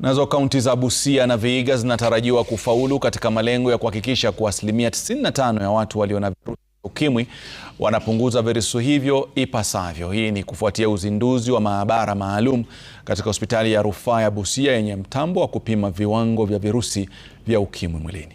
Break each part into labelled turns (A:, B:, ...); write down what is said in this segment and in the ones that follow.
A: Nazo kaunti za Busia na Vihiga zinatarajiwa kufaulu katika malengo ya kuhakikisha kuwa asilimia 95 ya watu walio na virusi vya ukimwi wanapunguza virusi hivyo ipasavyo. Hii ni kufuatia uzinduzi wa maabara maalum katika hospitali ya rufaa ya Busia yenye mtambo wa kupima viwango vya virusi vya ukimwi mwilini.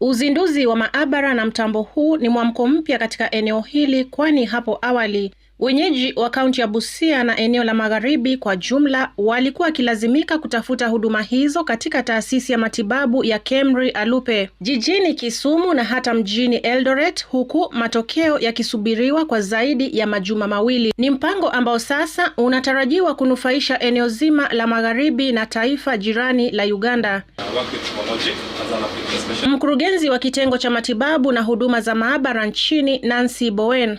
B: Uzinduzi wa maabara na mtambo huu ni mwamko mpya katika eneo hili, kwani hapo awali Wenyeji wa kaunti ya Busia na eneo la magharibi kwa jumla walikuwa wakilazimika kutafuta huduma hizo katika taasisi ya matibabu ya Kemri Alupe jijini Kisumu na hata mjini Eldoret, huku matokeo yakisubiriwa kwa zaidi ya majuma mawili. Ni mpango ambao sasa unatarajiwa kunufaisha eneo zima la magharibi na taifa jirani la Uganda. Mkurugenzi wa kitengo cha matibabu na huduma za maabara nchini Nancy Bowen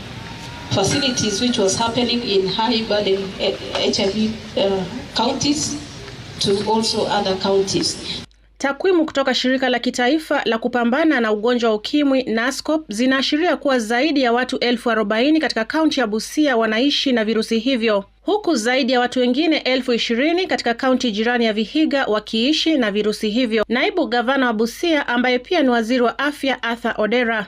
C: facilities which was happening in high burden eh, HIV uh, eh, counties to also other counties.
B: Takwimu kutoka shirika la kitaifa la kupambana na ugonjwa wa ukimwi NASCOP zinaashiria kuwa zaidi ya watu elfu arobaini katika kaunti ya Busia wanaishi na virusi hivyo huku zaidi ya watu wengine elfu ishirini katika kaunti jirani ya Vihiga wakiishi na virusi hivyo. Naibu gavana wa Busia ambaye pia ni waziri wa afya Arthur Odera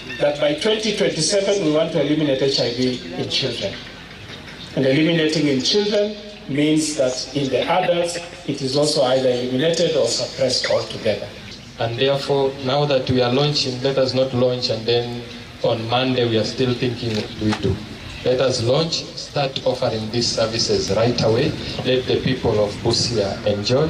D: that by 2027 we want to eliminate HIV in children. And eliminating in children means that in the adults it is also either eliminated or suppressed altogether. And therefore, now that we are launching, let us not launch and then on Monday we are still thinking what we do. Let us launch, start offering these services right away. Let the people of Busia enjoy.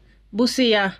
B: Bucia.